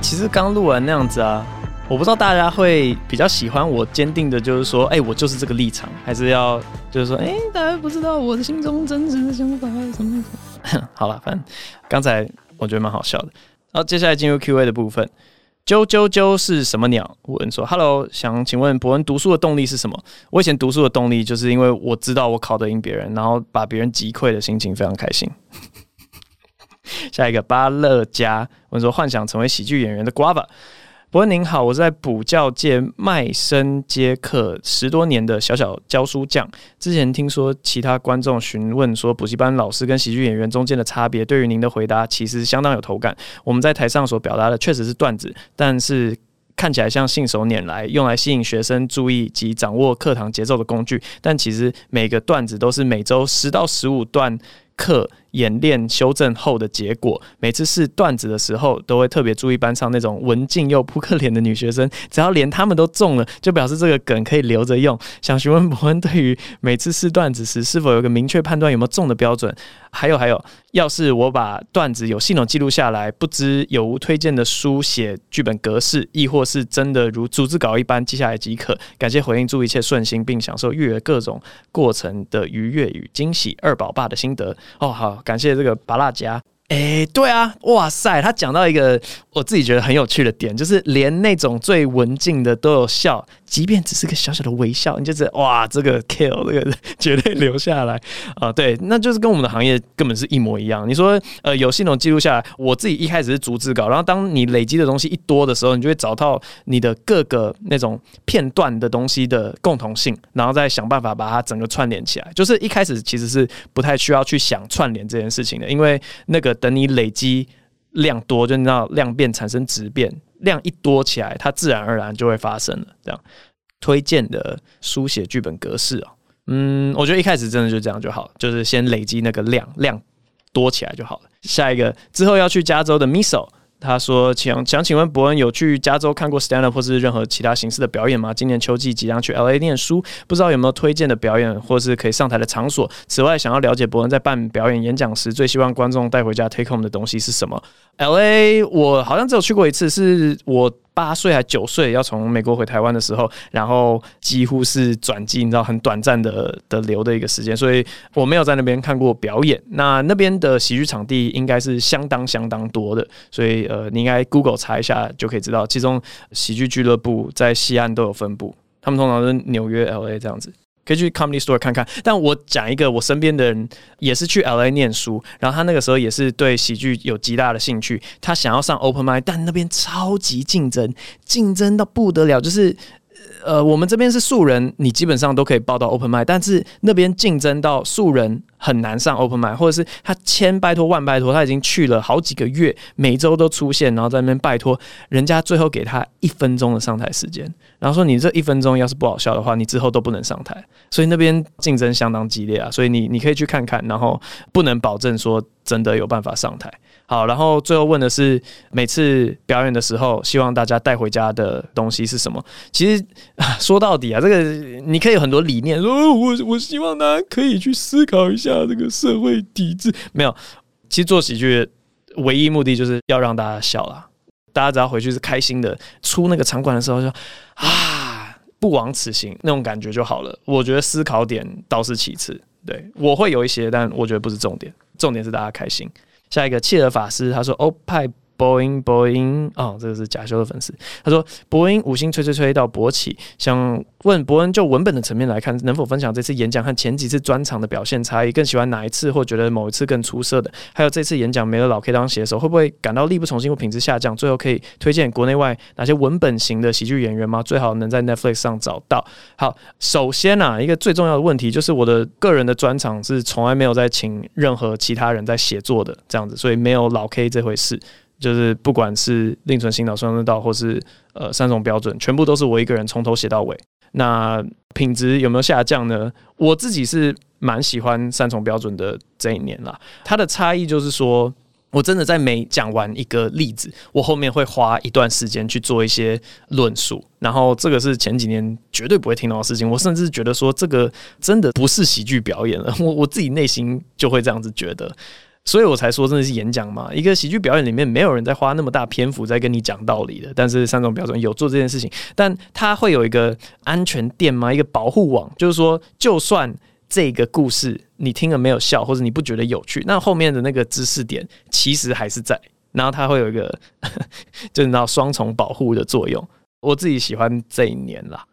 其實剛錄完那樣子啊。我不知道大家會比較喜歡我堅定的，就是說，哎、欸，我就是這個立場，還是要就是說，哎、欸，大家不知道我的心中真實的想法是什麼？ *laughs* 好了，反正剛才我覺得蠻好笑的。然、哦、接下來進入 Q&A 的部分。啾，啾啾啾是什麼鳥？我問說：“Hello，想請問博恩讀書的動力是什麼？”我以前讀書的動力就是因為我知道我考得贏別人，然後把別人擊潰的心情非常開心。 *laughs* 下一個巴樂家，我問說幻想成為喜劇演員的瓜巴。我問，您好，我是在補教界賣身接客十多年的小小教書匠。之前聽說其他觀眾詢問說，補習班老師跟喜劇演員中間的差別，對於您的回答其實相當有頭感。我們在台上所表達的確實是段子，但是看起來像信手拈來，用來吸引學生注意及掌握課堂節奏的工具。但其實每個段子都是每週十到十五段課，演練修正後的結果，每次試段子的時候，都會特別注意班上那種文靜又撲克臉的女學生，只要連他們都中了，就表示這個梗可以留着用。想詢問博恩，對於每次試段子時是否有個明確判斷有沒有中的標準？還有還有，要是我把段子有系統記錄下來，不知有無推薦的書寫劇本格式，亦或是真的如逐字稿一般記下來即可？感謝回應，祝一切順心，並享受育兒各種過程的愉悅與驚喜。二寶爸的心得哦，好。感謝這個拔蠟夾。哎、欸，對啊，哇塞，他講到一個我自己覺得很有趣的點，就是連那種最文靜的都有笑，即便只是個小小的微笑，你就是哇，這個 kill，這個絕對留下來。啊，對，那就是跟我們的行業根本是一模一樣。你說，呃，有系統記錄下來，我自己一開始是逐字稿，然後當你累積的東西一多的時候，你就會找到你的各個那種片段的東西的共同性，然後再想辦法把它整個串聯起來。就是一開始其實是不太需要去想串聯這件事情的，因為那個。等你累積量多，就你知道量變產生質變，量一多起來，它自然而然就會發生了。這樣。推薦的書寫劇本格式哦，嗯，我覺得一開始真的就這樣就好，就是先累積那個量，量多起來就好了。下一個之後要去加州的 Miso。他說：“想想，請問博恩有去加州看過 stand up 或是任何其他形式的表演嗎？今年秋季即將去 LA 念書，不知道有沒有推薦的表演或是可以上台的場所。此外，想要了解博恩在辦表演演講時，最希望觀眾帶回家 take home 的東西是什麼？LA，我好像只有去過一次，是我。”八歲還九歲，要從美國回台灣的時候，然後幾乎是轉機，你知道很短暫的的留的一個時間，所以我沒有在那邊看過表演。那那邊的喜劇場地應該是相當相當多的，所以呃，你應該 Google 查一下就可以知道，其中喜劇俱樂部在西岸都有分布，他們通常是紐約、LA 這樣子。可以去 Comedy Store 看看，但我講一個我身邊的人，也是去 L A 唸書，然後他那個時候也是對喜劇有極大的興趣，他想要上 open mic，但那邊超級競爭，競爭到不得了，就是。呃，我們這邊是素人，你基本上都可以報到 open mic，但是那邊競爭到素人很難上 open mic，或者是他千拜托萬拜托，他已經去了好幾個月，每周都出現，然後在那邊拜托人家，最後給他一分鐘的上台時間，然後說你這一分鐘要是不好笑的話，你之後都不能上台，所以那邊競爭相當激烈啊，所以你你可以去看看，然後不能保證說真的有辦法上台。好，然後最後問的是，每次表演的時候，希望大家帶回家的東西是什麼？其實說到底啊，這個你可以有很多理念，說我我希望大家可以去思考一下這個社會體制。沒有，其實做喜劇唯一目的就是要讓大家笑啦。大家只要回去是開心的，出那個場館的時候就啊，不枉此行，那種感覺就好了。我覺得思考點倒是其次，對我會有一些，但我覺得不是重點，重點是大家開心。下一個契爾法斯，他說歐派。博恩博恩啊、哦，這個是賈修的粉絲。他說，博恩五星吹吹吹到勃起，想問博恩，就文本的層面來看，能否分享這次演講和前幾次專場的表現差異？更喜歡哪一次，或覺得某一次更出色的？還有這次演講沒了老 K 當寫手，會不會感到力不從心或品質下降？最後可以推薦國內外哪些文本型的喜劇演員嗎？最好能在 Netflix 上找到。好，首先呢、啊，一個最重要的問題就是我的個人的專場是從來沒有在請任何其他人在寫作的這樣子，所以沒有老 K 這回事。就是不管是另存新檔、雙聲道，或是呃三重標準，全部都是我一個人從頭寫到尾。那品質有沒有下降呢？我自己是蠻喜歡三重標準的這一年啦。它的差異就是說，我真的在每講完一個例子，我後面會花一段時間去做一些論述。然後這個是前幾年絕對不會聽到的事情，我甚至覺得說這個真的不是喜劇表演了。我我自己內心就會這樣子覺得。所以我才說真的是演講嘛，一個喜劇表演裡面沒有人在花那麼大篇幅在跟你講道理的。但是三種標準有做這件事情，但它會有一個安全墊嗎？一個保護網，就是說，就算這個故事你聽了沒有笑，或者你不覺得有趣，那後面的那個知識點其實還是在。然後它會有一個， *laughs* 就是那雙重保護的作用。我自己喜歡這一年啦。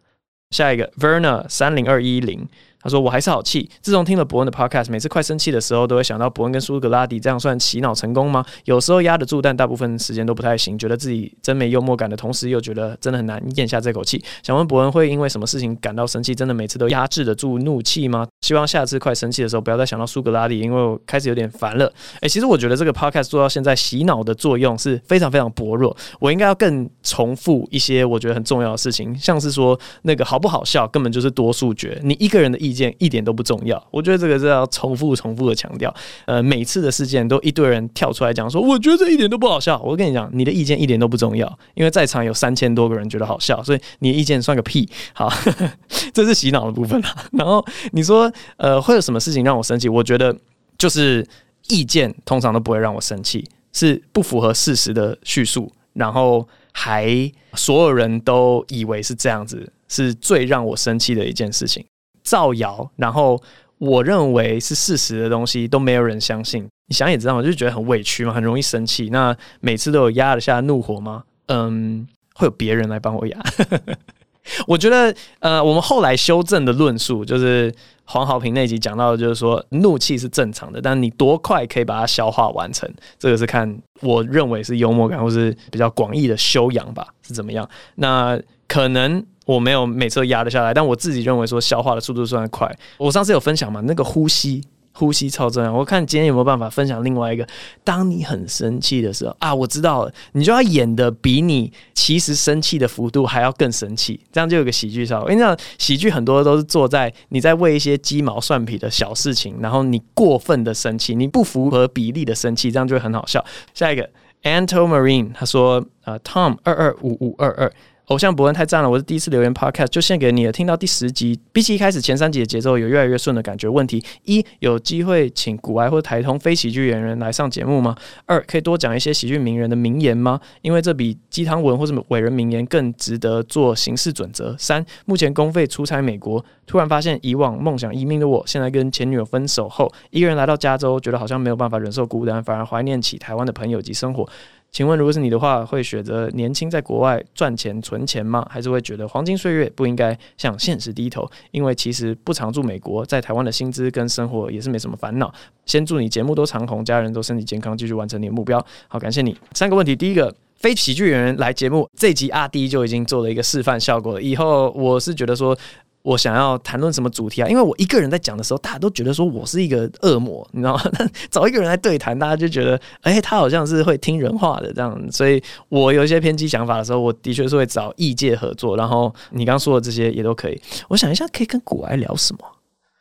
下一個，Verna 三零二一零。他說：“我還是好氣。自從聽了伯恩的 podcast，每次快生氣的時候，都會想到伯恩跟蘇格拉底，這樣算洗腦成功嗎？有時候壓得住，但大部分時間都不太行。覺得自己真沒幽默感的同時，又覺得真的很難嚥下這口氣。想問伯恩，會因為什麼事情感到生氣？真的每次都壓制得住怒氣嗎？希望下次快生氣的時候，不要再想到蘇格拉底，因為我開始有點煩了。誒，其實我覺得這個 podcast 做到現在，洗腦的作用是非常非常薄弱。我應該要更重複一些我覺得很重要的事情，像是說那個好不好笑，根本就是多數覺。你一個人的意。”意見一點都不重要，我覺得這個是要重複、重複的強調。呃，每次的事件都一堆人跳出來講說，我覺得這一點都不好笑。我跟你講，你的意見一點都不重要，因為在場有三千多個人覺得好笑，所以你的意見算個屁。好，呵呵這是洗腦的部分啊。然後你說，呃，會有什麼事情讓我生氣？我覺得就是意見通常都不會讓我生氣，是不符合事實的敘述，然後還所有人都以為是這樣子，是最讓我生氣的一件事情。造謠，然後我認為是事實的東西都沒有人相信，你想也知道，我就是覺得很委屈嘛，很容易生氣。那每次都有壓得下怒火嗎？嗯，會有別人來幫我壓。 *laughs* 我覺得，呃，我們後來修正的論述，就是黃豪平那集講到的就是說怒氣是正常的，但你多快可以把它消化完成，這個是看我認為是幽默感，或是比較廣義的修養吧，是怎麼樣？那。可能我沒有每次都壓得下來，但我自己認為說消化的速度算快。我上次有分享嘛，那個呼吸呼吸超重要。我看今天有沒有辦法分享另外一個。當你很生氣的時候啊，我知道了，你就要演的比你其實生氣的幅度還要更生氣，這樣就有個喜劇效果。因為這樣喜劇很多都是做在你在為一些雞毛蒜皮的小事情，然後你過分的生氣，你不符合比例的生氣，這樣就會很好笑。下一個 Anto Marine，他說啊、呃，Tom 二二五五二二。偶像博文太贊了！我是第一次留言 Podcast，就獻給你了。聽到第十集，比起一開始前三集的節奏，有越來越順的感覺。問題一：有機會請股癌或台通非喜劇演員來上節目嗎？二：可以多講一些喜劇名人的名言嗎？因為這比雞湯文或什麼偉人名言更值得做行事準則。三：目前公費出差美國，突然發現以往夢想移民的我，現在跟前女友分手後，一個人來到加州，覺得好像沒有辦法忍受孤單，反而懷念起台灣的朋友及生活。請問，如果是你的話，會選擇年輕在國外賺錢存錢嗎？還是會覺得黃金歲月不應該向現實低頭？因為其實不常住美國，在台灣的薪資跟生活也是沒什麼煩惱。先祝你節目都長紅，家人都身體健康，繼續完成你的目標。好，感謝你。三個問題，第一個，非喜劇演員來節目，這集阿滴就已經做了一個示範效果了。以後我是覺得說，我想要談論什麼主題啊？因為我一個人在講的時候，大家都覺得說我是一個惡魔，你知道嗎？找一個人來對談，大家就覺得，哎、欸，他好像是會聽人話的這樣。所以我有一些偏激想法的時候，我的確是會找異界合作。然後你剛說的這些也都可以。我想一下，可以跟古埃聊什麼？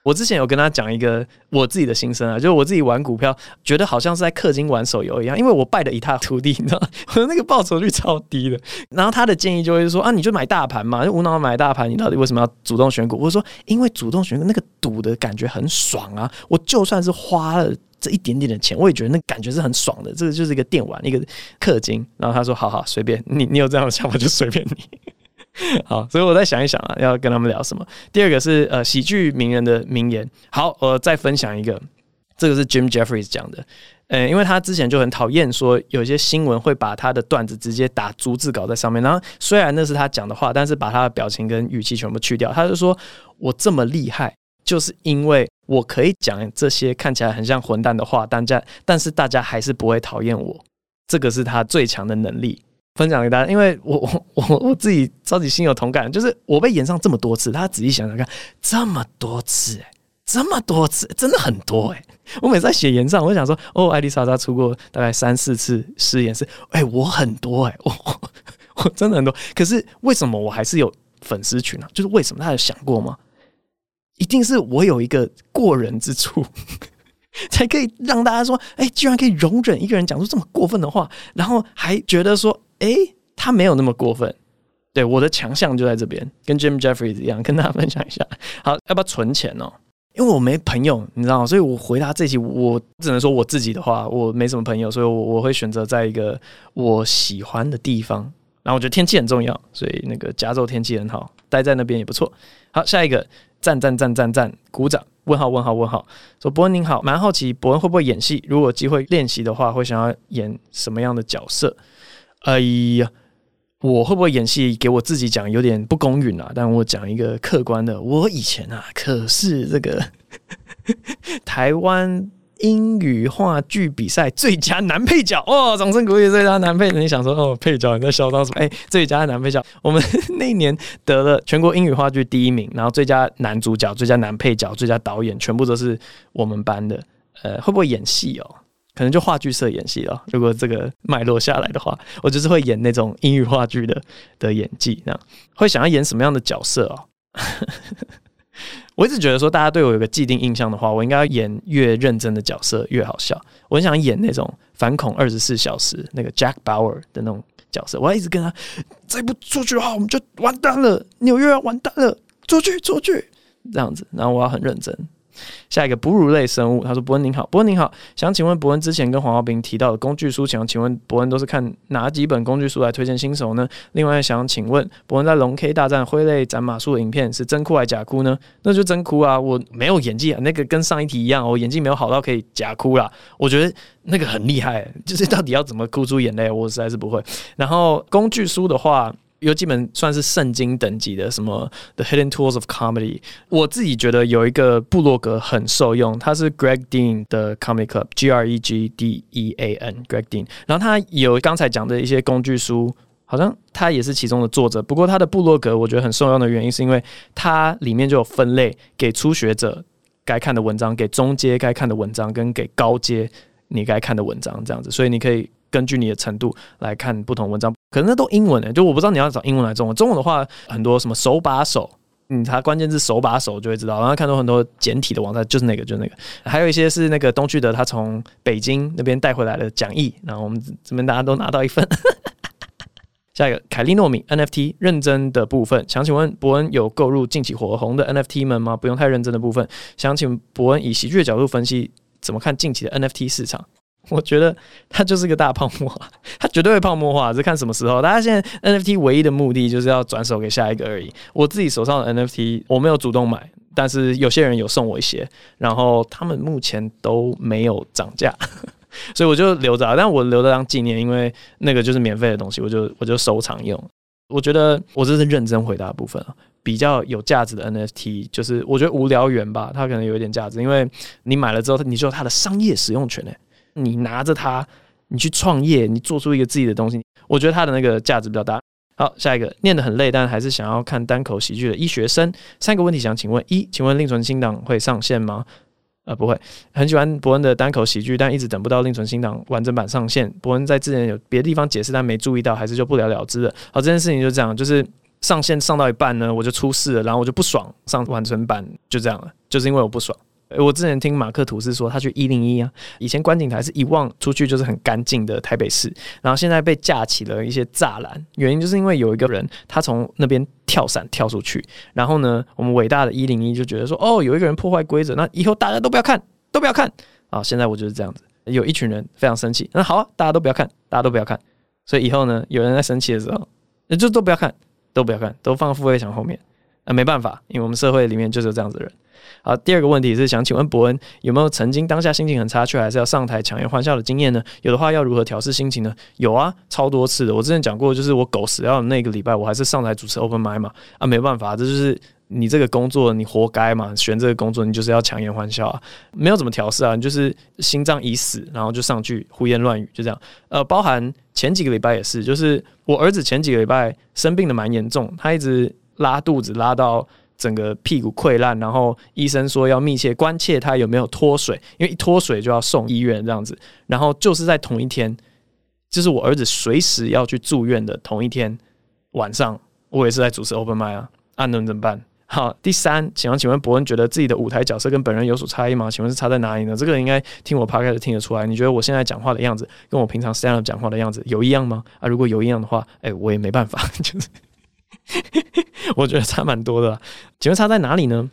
我之前有跟他講一個我自己的心聲啊，就是我自己玩股票，覺得好像是在氪金玩手遊一樣，因為我敗得一塌糊塗，你知道嗎，我的那個報酬率超低的。然後他的建議就會說啊，你就買大盤嘛，就無腦買大盤。你到底為什麼要主動選股？我說因為主動選股那個賭的感覺很爽啊，我就算是花了這一點點的錢，我也覺得那感覺是很爽的。這個就是一個電玩，一個氪金。然後他說：好好隨便你，你有這樣的想法就隨便你。 *laughs* 好，所以我再想一想啊，要跟他們聊什麼。第二個是呃，喜劇名人的名言。好，我、呃、再分享一個，這個是 Jim Jeffries 講的。嗯、呃，因為他之前就很討厭說有些新聞會把他的段子直接打逐字稿在上面，然後雖然那是他講的話，但是把他的表情跟語氣全部去掉，他就說，我這麼厲害，就是因為我可以講這些看起來很像混蛋的話，大家但是大家還是不會討厭我，這個是他最強的能力。分享給大家，因為我我我我自己超級心有同感，就是我被演上這麼多次，大家仔細想想看，這麼多次、欸，這麼多次，真的很多、欸，哎，我每次在寫演上，我想說，哦，艾麗莎她出過大概三四次誓言是，哎、欸，我很多、欸，哎，我我，我真的很多，可是為什麼我還是有粉絲群呢、啊？就是為什麼大家有想過嗎？一定是我有一個過人之處， *laughs* 才可以讓大家說，哎、欸，居然可以容忍一個人講出這麼過分的話，然後還覺得說。哎，他沒有那麼過分。對，我的強項就在這邊，跟 Jim Jeffrey 一樣，跟大家分享一下。好，要不要存錢呢、哦？因為我沒朋友，你知道嗎？所以我回答這題，我只能說我自己的話。我沒什麼朋友，所以我我會選擇在一個我喜歡的地方。然後我覺得天氣很重要，所以那個加州天氣很好，待在那邊也不錯。好，下一個，讚讚讚讚讚，鼓掌。問號問號問號，說博恩您好，蠻好奇博恩會不會演戲？如果有機會練習的話，會想要演什麼樣的角色？哎呀，我會不會演戲？給我自己講有點不公允啊！但我講一個客觀的，我以前啊可是這個台灣英語話劇比賽最佳男配角哦，掌聲鼓勵最佳男配角。你想說哦，配角你在笑到什麼？哎，最佳男配角，我們 *laughs* 那年得了全國英語話劇第一名，然後最佳男主角、最佳男配角、最佳導演，全部都是我們班的。呃，會不會演戲哦？可能就話劇社演戲喔。如果這個脈絡下來的話，我就是會演那種英語話劇的的演技。那樣會想要演什麼樣的角色啊、喔？ *laughs* 我一直覺得說，大家對我有個既定印象的話，我應該要演越認真的角色越好笑。我很想演那種反恐二十四小時那個 Jack Bauer 的那種角色。我要一直跟他再不出去的話，我們就完蛋了。紐約要完蛋了，出去，出去，這樣子。然後我要很認真。下一個哺乳類生物，他說：“博恩您好，博恩您好，想請問博恩之前跟黃豪平提到的工具書，想請問博恩都是看哪幾本工具書來推薦新手呢？另外想請問，博恩在《龍 K 大戰揮淚斬馬術》的影片是真哭還是假哭呢？那就真哭啊，我沒有演技啊，那個跟上一題一樣，我演技沒有好到可以假哭啊。我覺得那個很厲害，就是到底要怎麼哭出眼淚，我實在是不會。然後工具書的話。”.有幾本算是聖經等級的，什麼《The Hidden Tools of Comedy》，我自己覺得有一個部落格很受用，它是 Greg Dean 的 Comedy Club，G R E G D E A N，Greg Dean。然後他有剛才講的一些工具書，好像他也是其中的作者。不過他的部落格我覺得很受用的原因，是因為它裡面就有分類，給初學者該看的文章，給中階該看的文章，跟給高階你該看的文章這樣子。所以你可以根據你的程度來看不同文章。可能那都英文誒、欸，就我不知道你要找英文來。中文。中文的話，很多什麼手把手，嗯，它關鍵字“手把手”就會知道。然後看到很多簡體的網站，就是那個，就是那個。還有一些是那個東巨的，他從北京那邊帶回來的講義，然後我們這邊大家都拿到一份。 *laughs* 下一個凱利諾米 NFT 認真的部分，想請問博恩有購入近期火紅的 NFT 們嗎？不用太認真的部分，想請博恩以喜劇的角度分析怎麼看近期的 NFT 市場。我覺得它就是個大泡沫，它絕對會泡沫化，是看什麼時候。大家現在 NFT 唯一的目的就是要轉手給下一個而已。我自己手上的 NFT 我沒有主動買，但是有些人有送我一些，然後他們目前都沒有漲價，呵呵，所以我就留着。但我留着當紀念，因為那個就是免費的東西，我就我就收藏用。我覺得我這是認真回答的部分啊。比較有價值的 NFT 就是我覺得無聊猿吧，它可能有一點價值，因為你買了之後，你就有它的商業使用權嘞、欸。你拿着它，你去創業，你做出一個自己的東西，我覺得它的那個價值比較大。好，下一個，念得很累，但還是想要看單口喜劇的醫學生，三個問題想請問：一，請問另存新檔會上線嗎？呃，不會。很喜歡博恩的單口喜劇，但一直等不到另存新檔完整版上線。博恩在之前有別的地方解釋，但沒注意到，還是就不了了之了。好，這件事情就這樣，就是上線上到一半呢，我就出事了，然後我就不爽，上完整版就這樣了，就是因為我不爽。我之前聽馬克吐斯說，他去一零一啊，以前觀景台是一望出去就是很乾淨的台北市，然後現在被架起了一些柵欄，原因就是因為有一個人他從那邊跳傘跳出去，然後呢，我們偉大的一零一就覺得說，哦，有一個人破壞規則，那以後大家都不要看，都不要看啊、哦！現在我就是這樣子，有一群人非常生氣，那、嗯、好啊，大家都不要看，大家都不要看，所以以後呢，有人在生氣的時候，那就都不要看，都不要看，都不要看，都放付費牆後面那、呃、沒辦法，因為我們社會裡面就是這樣子的人。啊，第二個問題是想請問博恩有沒有曾經當下心情很差卻還是要上台強顏歡笑的經驗呢？有的話，要如何調適心情呢？有啊，超多次的。我之前講過，就是我狗死掉的那個禮拜，我還是上台主持 Open Mic 嘛。啊，沒辦法，這就是你這個工作，你活該嘛。選這個工作，你就是要強顏歡笑啊，沒有怎麼調適啊，你就是心臟已死，然後就上去胡言亂語，就這樣。呃，包含前幾個禮拜也是，就是我兒子前幾個禮拜生病得蠻嚴重，他一直拉肚子，拉到。整個屁股潰爛，然後醫生說要密切關切他有沒有脫水，因為一脫水就要送醫院這樣子。然後就是在同一天，就是我兒子隨時要去住院的同一天晚上，我也是在主持 Open Mic 啊。那、啊、能怎麼辦？好，第三，請問請問博恩覺得自己的舞台角色跟本人有所差異嗎？請問是差在哪裡呢？這個應該聽我趴開始聽得出來。你覺得我現在講話的樣子跟我平常 Stand Up 講話的樣子有一樣嗎？啊，如果有一樣的話，哎，我也沒辦法，就是。 *laughs* 我覺得差蠻多的啦，請問差在哪裡呢？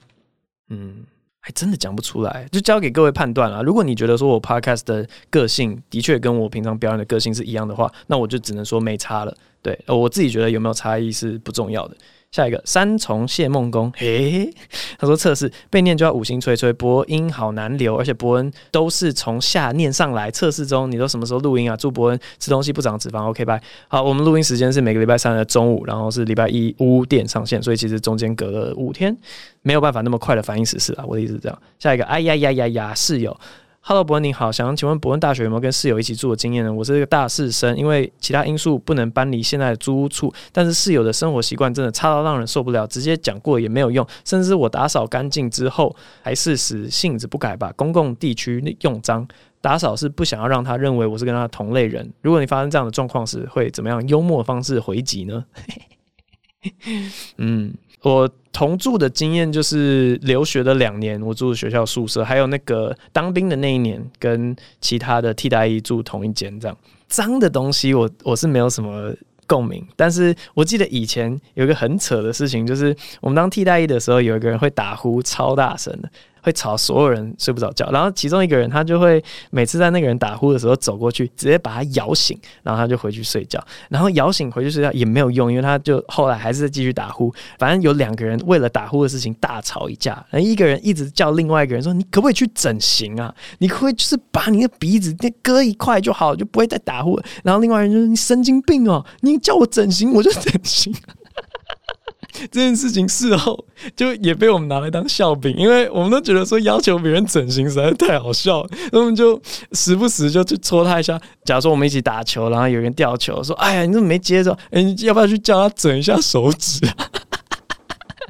嗯，還真的講不出來，就交給各位判斷啦。如果你覺得說我 podcast 的個性的確跟我平常表演的個性是一樣的話，那我就只能說沒差了。對，我自己覺得有沒有差異是不重要的。下一個三重謝夢宮，嘿，嘿，他說測試被念就要五星吹吹，博恩好難留，而且博恩都是從下念上來，測試中。你都什麼時候錄音啊？祝博恩吃東西不長脂肪，OK 吧？好，我們錄音時間是每個禮拜三的中午，然後是禮拜一五點上線，所以其實中間隔了五天，沒有辦法那麼快的反應時事了、啊。我的意思是這樣。下一個，哎呀呀呀呀，室友。哈嘍，博恩您好，想請問博恩大學有沒有跟室友一起住的經驗呢？我是一個大四生，因為其他因素不能搬離現在的租屋處，但是室友的生活習慣真的差到讓人受不了，直接講過也沒有用，甚至我打掃乾淨之後還是使性子不改吧。公共地區用髒，打掃是不想要讓他認為我是跟他同類人。如果你發生這樣的狀況時，會怎麼樣幽默方式回擊呢？ *laughs* 嗯。我同住的經驗就是留學的兩年，我住學校的宿舍，還有那個當兵的那一年，跟其他的替代役住同一間，這樣髒的東西我，我我是沒有什麼共鳴。但是我記得以前有一個很扯的事情，就是我們當替代役的時候，有一個人會打呼超大聲的。會吵所有人睡不着覺，然後其中一個人他就會每次在那個人打呼的時候走過去，直接把他搖醒，然後他就回去睡覺。然後搖醒回去睡覺也沒有用，因為他就後來還是繼續打呼。反正有兩個人為了打呼的事情大吵一架，然後一個人一直叫另外一個人說：“你可不可以去整形啊？你可不可以就是把你的鼻子割一塊就好，就不會再打呼。”然後另外人就說：“你神經病哦，你叫我整形，我就整形。”這件事情事後就也被我們拿來當笑柄，因為我們都覺得說要求別人整形實在太好笑了，我們就時不時就去戳他一下。假如說我們一起打球，然後有人掉球，說：“哎呀，你怎麼沒接着？哎，你要不要去叫他整一下手指？”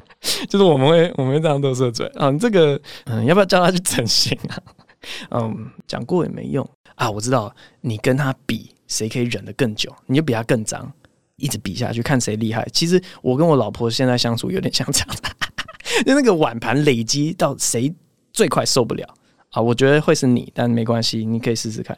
*laughs* 就是我們會我們會這樣鬥是嘴。啊，這個嗯，要不要叫他去整形啊？嗯，講過也沒用啊。我知道你跟他比，誰可以忍得更久，你就比他更髒。一直比下去，看誰厲害。其實我跟我老婆現在相處有點像這樣子，就 *laughs* 那個碗盤累積到誰最快受不了啊？我覺得會是你，但沒關係，你可以試試看。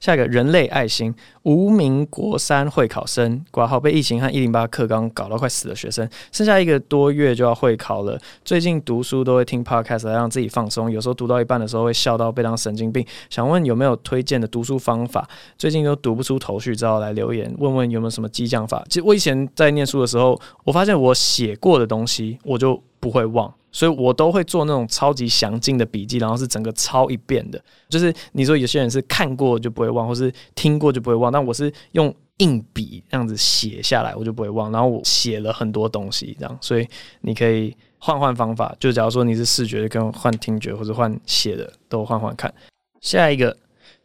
下一個人類愛心，無名國三會考生掛號被疫情和一零八課綱搞到快死的學生，剩下一個多月就要會考了。最近讀書都會聽 podcast 來讓自己放鬆，有時候讀到一半的時候會笑到被當神經病。想問有沒有推薦的讀書方法？最近都讀不出頭緒，只好來留言問問有沒有什麼激將法。其實我以前在念書的時候，我發現我寫過的東西我就不會忘。所以我都會做那種超級詳盡的筆記，然後是整個抄一遍的。就是你說有些人是看過就不會忘，或是聽過就不會忘，但我是用硬筆這樣子寫下來，我就不會忘。然後我寫了很多東西，這樣，所以你可以換換方法。就假如說你是視覺跟換聽覺，或者換寫的都換換看。下一個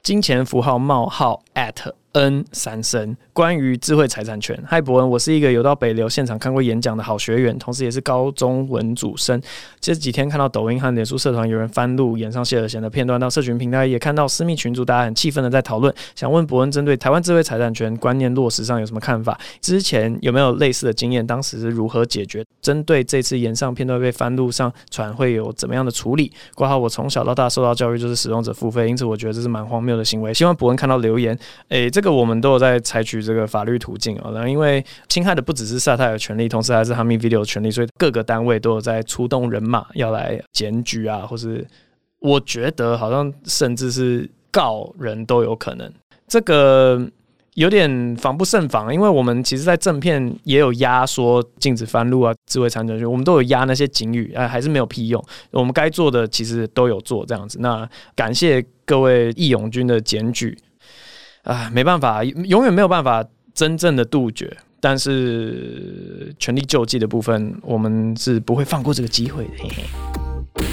金錢符號冒號 at n 三聲。關於智慧財產權，嗨，博恩，我是一個有到北流現場看過演講的好學員，同時也是高中文組生。這幾天看到抖音和臉書社團有人翻錄演唱謝爾賢的片段，到社群平台也看到私密群組大家很氣憤的在討論。想問博恩，針對台灣智慧財產權觀念落實上有什麼看法？之前有沒有類似的經驗？當時是如何解決？針對這次演唱片段被翻錄上傳，會有怎麼樣的處理？括號我從小到大受到教育就是使用者付費，因此我覺得這是蠻荒謬的行為。希望博恩看到留言，誒、欸，這個我們都有在採取。這個法律途徑啊、哦，然後因為侵害的不只是沙泰的權利，同時還是哈密、um、Video 的權利，所以各個單位都有在出動人馬要來檢舉啊，或是我覺得好像甚至是告人都有可能。這個有點防不勝防，因為我們其實，在正片也有壓縮禁止翻錄啊，智慧產權區，我們都有壓那些警語，哎，還是沒有屁用。我們該做的其實都有做這樣子。那感謝各位義勇軍的檢舉。啊，沒辦法，永遠沒有辦法真正的杜絕，但是全力救濟的部分，我們是不會放過這個機會的。嘿嘿，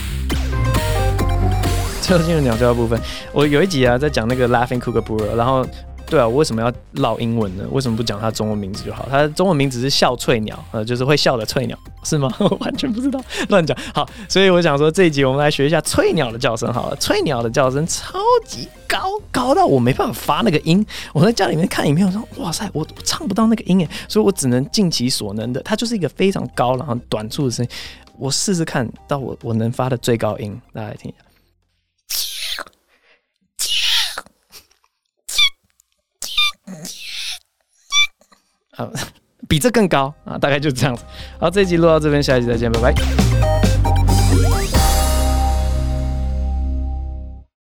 最近的鳥叫的部分，我有一集啊，在講那個、L、Laughing Kookaburra，k 然後。對啊，我為什麼要烙英文呢？為什麼不講他中文名字就好？他中文名字是笑翠鳥，呃，就是會笑的翠鳥，是嗎？我完全不知道，亂講。好，所以我想說這一集我們來學一下翠鳥的叫聲好了。翠鳥的叫聲超級高，高到我沒辦法發那個音。我在家裡面看影片我說，哇塞，我，我唱不到那個音誒，所以我只能盡其所能的。它就是一個非常高然後短促的聲音。我試試看到我我能發的最高音，大家來聽一下。好，哦，比這更高啊，大概就是這樣子。好，這一集錄到這邊，下一集再見，拜拜。